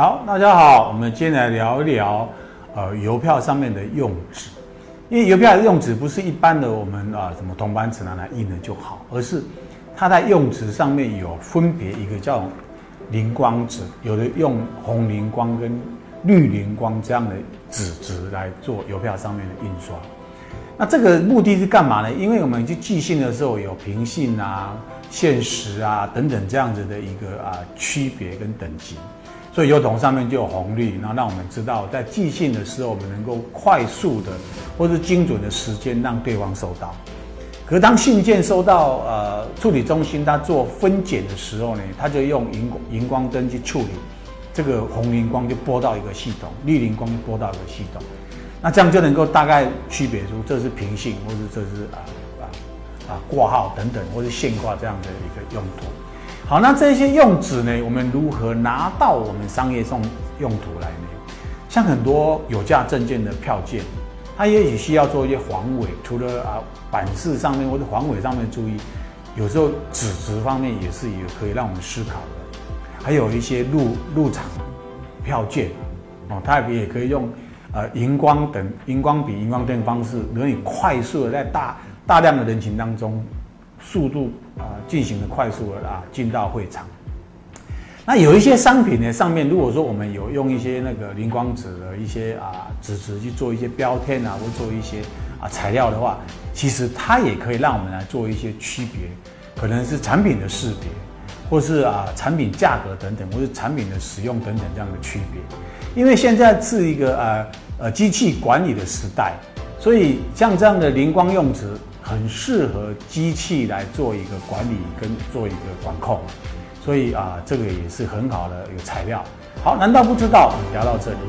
好，大家好，我們今天來聊一聊，呃，郵票上面的用紙，因為郵票的用紙不是一般的我們啊、呃、什麼銅版紙拿來印的就好，而是它在用紙上面有分別一個叫磷光紙，有的用紅磷光跟綠磷光，這樣的紙紙來做郵票上面的印刷。嗯、那這個目的是幹嘛呢？因為我們去寄信的時候有平信啊、限時啊等等這樣子的一個啊區別跟等級。所以郵筒上面就有紅綠，那讓我們知道在寄信的時候，我們能夠快速的或是精準的時間讓對方收到。可當信件收到，呃，處理中心它做分揀的時候呢，它就用熒熒光燈去處理，這個紅熒光就撥到一個系統，綠熒光撥到一個系統，那這樣就能夠大概區別出這是平信，或是這是啊啊啊掛號等等，或是現掛這樣的一個用途。好，那這些用紙呢？我們如何拿到我們商業用用途來呢？像很多有價證券的票券，它也許需要做一些防偽，除了啊版式上面或者防偽上面注意，有時候紙質方面也是也可以讓我們思考的。還有一些入入場票券哦，它也可以用呃熒光等熒光筆、熒光燈方式，得以快速的在大大量的人群當中。速度啊，呃，進行的快速的啊，進到會場。那有一些商品呢，上面如果說我們有用一些那個螢光紙的一些啊紙紙去做一些標籤啊，或做一些啊材料的話，其實它也可以讓我們來做一些區別，可能是產品的識別，或是啊產品價格等等，或是產品的使用等等這樣的區別。因為現在是一個呃呃機器管理的時代，所以像這樣的螢光用紙，很適合機器來做一個管理跟做一個管控，所以啊，這個也是很好的一個材料。好，難道不知道？我們聊到這裡。